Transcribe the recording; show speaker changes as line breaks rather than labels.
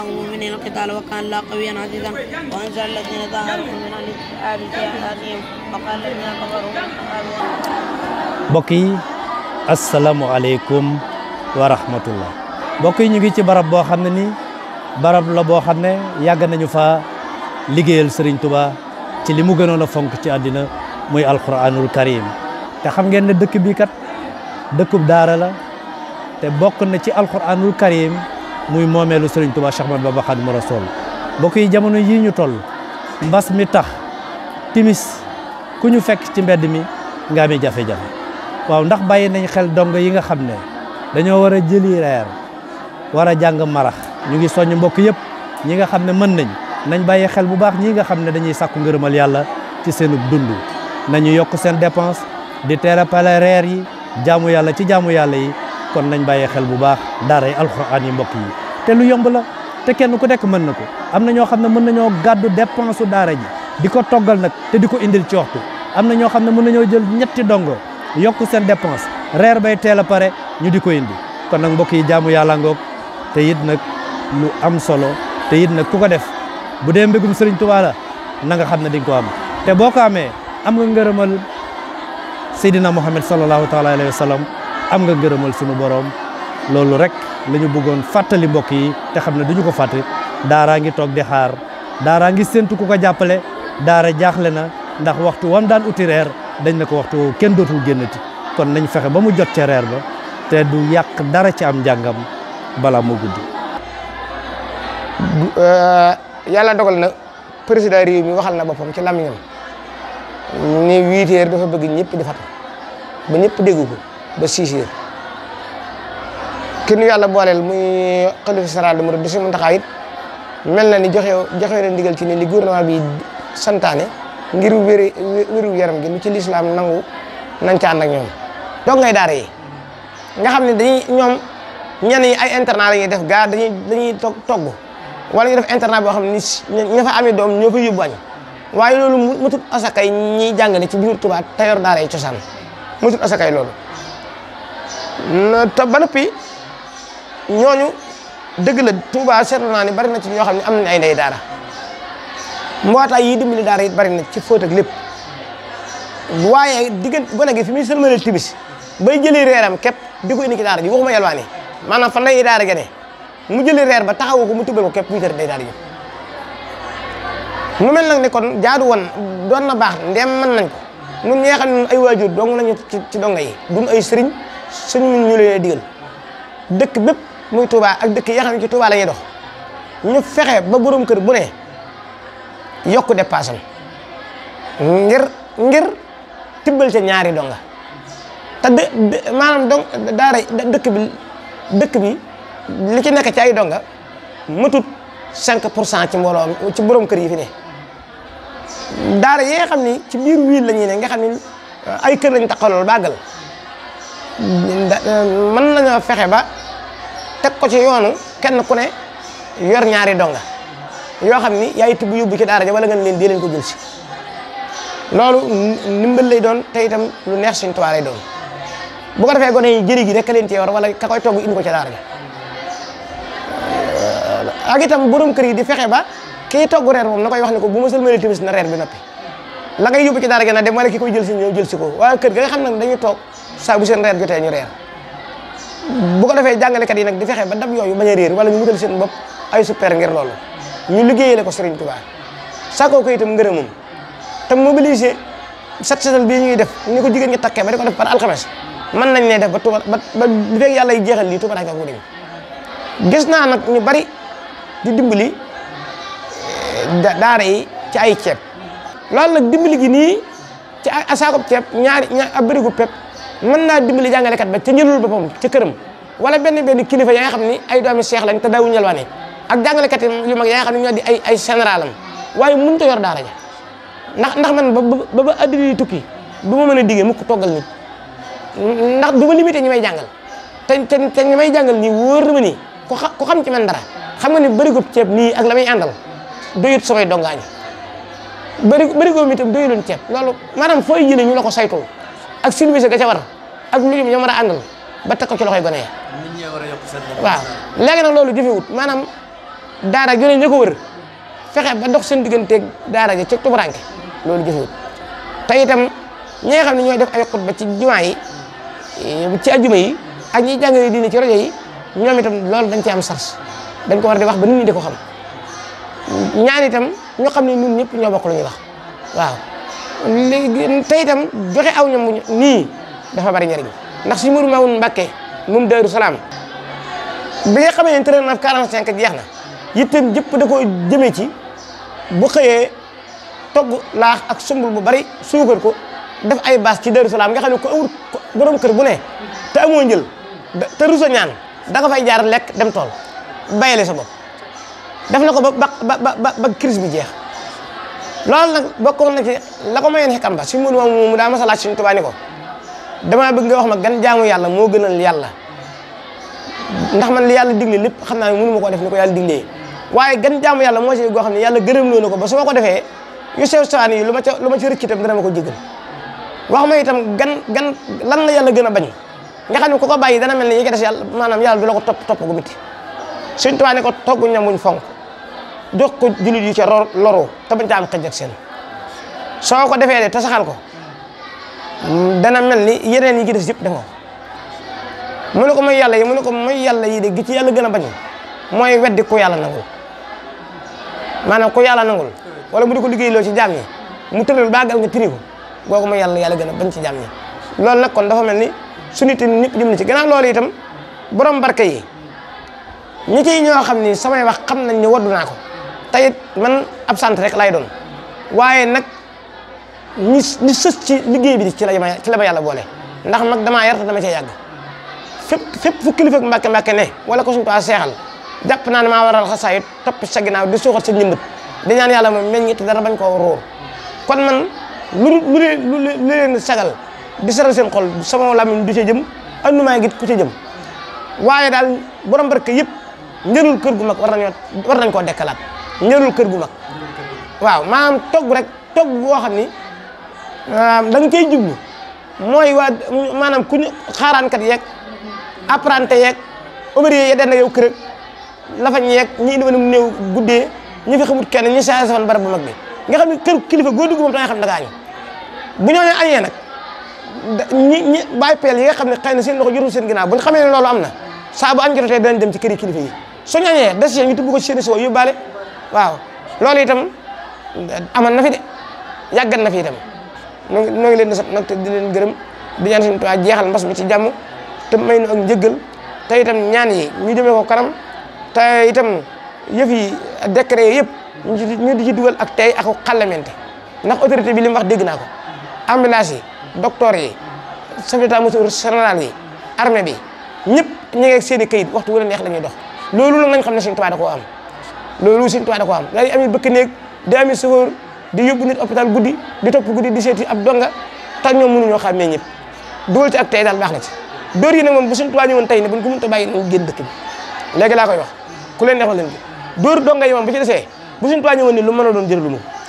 أولياء المؤمنين القتال وكان الله
mbokk yi asalaamualeykum wa rahmatullah yi ñu ngi ci barab boo xam ne ni barab la boo xam ne yàgg nañu fa liggéeyal sëriñ Touba ci li mu gënoon a fonk ci àddina muy alquranul karim te xam ngeen ne dëkk bi kat dëkkub daara la te bokk na ci alquranul karim muy moomeelu Serigne Touba Cheikh Ahmadou Bamba Khadimou Rassoul mbokk yi jamono yii ñu toll mbas mi tax timis ku ñu fekk ci mbedd mi nga amee jafe-jafe waaw ndax bàyyi nañ xel dong yi nga xam ne dañoo war a jëli reer war a jàng marax ñu ngi soññ mbokk yëpp ñi nga xam ne mën nañ nañ bàyyi xel bu baax ñi nga xam ne dañuy sàkku ngërëmal yàlla ci seenub dund nañu yokk seen dépense di teerapale reer yi jaamu yàlla ci jaamu yàlla yi kon nañ bàyyi xel bu baax daaray alxuraan yi mbokk yi te lu yomb la te kenn ku nekk mën na ko am na ñoo xam ne mën nañoo gàddu dépense su daara ji di ko toggal nag te di ko indil ci waxtu am na ñoo xam ne mën nañoo jël ñetti dongo yokk seen dépense reer bay teel a pare ñu di ko indi kon nag mbokk yi jaamu yàlla ngoog te it nag lu am solo te it nag ku ko def bu dee mbégum Sëriñ Tuubaa la na nga xam ne di ko am te boo ko amee am nga ngërëmal Seydina Muhammad sallallahu taala alayhi wa sallam am nga ngërëmal sunu borom loolu rek la ñu bëggoon fàttali mbokk yi te xam ne du ñu ko fàtte daaraa ngi toog di xaar daaraa ngi séntu ku ko jàppale daara jaaxle na ndax waxtu wam daan utireer dañ ne ko waxtu kenn dootul génnati kon nañ fexe ba mu jot ca reer ba te du yàq dara ci am njàngam balaa moo guddi.
Eh, yàlla dogal na président réew mi waxal na boppam ci làmmiñam ni huit heures dafa bëgg ñëpp di fatu ba ñëpp dégg ko. ba six heures ki nu yàlla booleel muy xalifa général des mourides di Sëriñ Muntaxa it mel na ni joxe joxe na ndigal ci ne li gouvernement bi santaane ngir wér wéru yaram gi lu ci lislaam nangu nañ ca ànd ak ñoom doog ngay daara yi nga xam ne dañuy ñoom ñenn ñi ay internat la ñuy def gaa dañuy dañuy togg togg wala ñu def internat boo xam ne ña fa amee doom ñoo fa yóbbu añ waaye loolu mu tut asakay ñiy jàngale ci biir Tuubaa tayor daara yi cosaan mu tut asakay loolu te ba noppi ñooñu dëgg la Touba seetlu naa ni bari na ci ñoo xam ne am nañ ay ndey daara mbootaay yi dimbali daara it bari na ci fóot ak lépp waaye diggante gone gi fi muy sëlmaleel tibis bay jëli reeram képp di ko indi ci daara ji waxuma yalwaani maanaam fan lay daara gene mu jëli reer ba taxawu ko mu tibbal ko képp muy kër day daara ji mu mel nag ne kon jaadu woon doon na baax ndem mën nañ ko ñun ñi xam ne ay waajur dong nañu ci ci donga yi duñ ay sëriñ suñu ñun ñu leen digal dëkk bépp muy Touba ak dëkk ya xam ne ci Touba la ñuy dox ñu fexe ba borom kër bu ne yokku dépassam ngir ngir tibbal ca ñaari donga te dë maanaam donc daara dëkk bi dëkk bi li ci nekk ci ay donga matut 5 pour cent ci mbooloo ci borom kër yi fi ne daara yi nga xam ni ci biir wiil la ñuy ne nga xam ni ay kër lañ taxawal bàggal Euh, mën nañoo fexe ba teg ko ci yoonu kenn ku ne yor ñaari donga yoo xam ni yaay bu yóbbu ci daara ja wala nga leen dee leen ko jël si loolu ndimbal lay doon te itam lu neex suñu tuwaa lay doon bu ko defee gone yi jëri gi rek ka leen cee war wala ka ko ci daara ja euh, ak itam borom kër yi di fexe ba kii togg reer moom na koy wax ne ko bu ma sëlmale timis na reer bi noppi la ngay yóbbu ci daara ja na dem wala ki koy jël si ñëw jël si ko waaye kër ga nga xam ne dañuy toog saa bu seen reer jotee ñu reer bu ko defee jàngalekat yi nag di fexe ba dab yooyu bañ a réer wala ñu wutal seen bopp ay super ngir loolu ñu liggéeyale ko Serigne Touba sàkkoo ko itam ngërëmam te mobiliser sat setal bi ñuy def ni ko jigéen ñi takkee ba ko def par alxames man nañ ne def ba Touba ba ba li fekk yàlla jeexal lii Touba daa ko dem gis naa nag ñu bari di dimbali eh, daara yi ci ay ceeb loolu nag dimbali gi nii ci ay saako ceeb ñaari ñaar ab bërigu pepp mën naa dimbali jàngalekat ba ca njëlul boppam ca këram wala benn benn kilifa ya nga xam ni ay doomi seex lañ te daawuñu yalwaane ak jàngalekat yu mag ya nga xam ay ay généralam waaye mënut a yor daara ndax ndax man ba ba adduna yi tukki ma mën a diggee mukk toggal ndax du ma limité ñi may jàngal te te ñi may jàngal nii wóor ma ni ku xam ci man dara xam nga ni ceeb nii ak la may àndal doyut samay dongaañu bëri bërigoo mi itam doyuloon ceeb loolu maanaam fooy jëlee ñu la ko saytul ak silvise ga ca war ak milim ña war a àndal ba teg ko ci loxoy gone ya waaw léegi nag loolu jëfewut maanaam daara gone ña ko wër fexe ba dox seen digganteeg daara ja ci tumuranke loolu jëfewut te itam ñi nga xam ne ñooy def ay xutba ci jumaa yi eh, ci a yi ak ñi jàngale diine ci rajo yi ñoom itam loolu dañ ci am sars dañ ko war di wax ba nit ñi di ko xam ñaan itam ñu xam ne ñun ñëpp ñoo bokk lu ñuy wax waaw léegi tey itam joxe aw ñam nii dafa bari njëriñ ndax si Mourou Mamoun Mbacké moom Daaru Salaam bi nga xamee ne train 45 jeex na yitteem jëpp da koo jëmee ci bu xëyee togg laax ak sumbul bu bari suukar ko def ay baas ci Daaru Salaam nga xam ne ko amul borom kër bu ne te amoo njël te rusa ñaan da fay jaar lekk dem tool bayale sa bopp def na ko ba ba ba ba crise bi jeex. loolu nag bokkoon na la ko mayoon xikam ba si munu moom mu daa mas a laaj suñu Tuubaa ni ko damaa bëgg nga wax gan jaamu yàlla moo gënal yàlla ndax man li yàlla digle lépp xam naa ne mënu ma ko def ni ko yàlla diglee waaye gan jaamu yàlla moo ci goo xam ne yàlla gërëm loo na ko ba su ma ko defee yu sew saan yi lu ma ca lu ma ci rëcc itam dana ma ko jégal wax ma itam gan gan lan la yàlla gën a bañ nga xam ne ku ko bàyyi dana mel ni yi nga des yàlla maanaam yàlla du la ko topp topp gu bitti suñ tuwaa ko togg ñam wuñ fonk jox ko jullit yu ca loro te bañ ca am xëj ak seen ko defee de ta saxal ko dana mel ni yeneen yi ki des yëpp defoo mu ne ko mooy yàlla yi mu ne ko mooy yàlla yi de gi ci yàlla gën a bañ mooy weddi ku yàlla nangul maanaam ku yàlla nangul wala mu di ko liggéey loo ci jaam yi mu tëral baagal nga tiri ko googu mooy yàlla yàlla gën a bañ ci jaam yi loolu nag kon dafa mel ni su nit ñëpp jëm na ci gannaaw loolu itam borom barke yi ñi ciy ñoo xam ni samay wax xam nañ ne waddu naa ko teyit man ab sant rek lay doon waaye nag ñi ñi sës ci liggéey bi ci la ma ci la yàlla boole ndax mag damaa yar te dama cee yàgg fépp fépp fu kilifa mbàkke mbàkke ne wala ko suñu jàpp naa ne maa waral xasaayit topp sa ginnaaw di suuxat sa njëmbat di ñaan yàlla moom meññ te dara bañ koo róor kon man lu lu lu leen sagal di saral seen xol sama làmmiñ du ca jëm ma ngi ku ca jëm waaye daal borom barke yëpp njërul kër gu mag war nañoo war nañ koo dekkalaat ñërul kër gu mag waaw maanaam togg rek togg goo xam ni da nga cay jublu mooy waa maanaam ku ñu xaaraankat yeeg apprenti yeeg ouvrier ya den ak yow kër la fañ yeeg ñi indi woon néew guddee ñi fi xamut kenn ñi saa safan barab bu mag bi nga xam ne kër kilifa goo da nga xam da ngaa ñu bu ñoo ñoo añee nag ñi ñi bàyyi peel yi seen loxo jotul seen ginnaaw bu ñu xamee ne loolu am na saa bu añ jotee danañ dem ci kër yi kilifa yi suñu añee des yéen ñu tubb ko ci seen i soo yóbbaale waaw loolu itam aman na fi de yàggat na fi itam noo ngi noo ngi leen di sant nag te di leen gërëm di ñaan suñu Tuubaa jeexal mbas mi ci jàmm te may nu ak njëggal te itam ñaan yi ñu jëmee ko kanam te itam yëf yi décret yi yëpp ñu di ci dugal ak tey ak xàllamente ndax autorité bi li mu wax dégg naa ko ambulance yi docteur yi chef d'état major général yi armée bi ñëpp ñu ngi ak seen i kayit waxtu wala neex la ñuy dox loolu la nañ xam ne suñu Tuubaa da koo am loolu Sëñ Tuubaa da ko am daa di amee bëkk néeg di amee sofóor di guddi di topp guddi di seeti ab donga tax ñoom mënuñoo xàmmee ñëpp dugal ci ak tey daal baax na ci dóor yi nag moom bu Sëñ Tuubaa ñëwoon tey ne buñ ko mënta bàyyi nañ génn dëkk bi léegi laa koy wax ku leen neexoon dóor donga yi moom bu ci desee bu Sëñ Tuubaa ñëwoon ni lu mën a doon jëriñu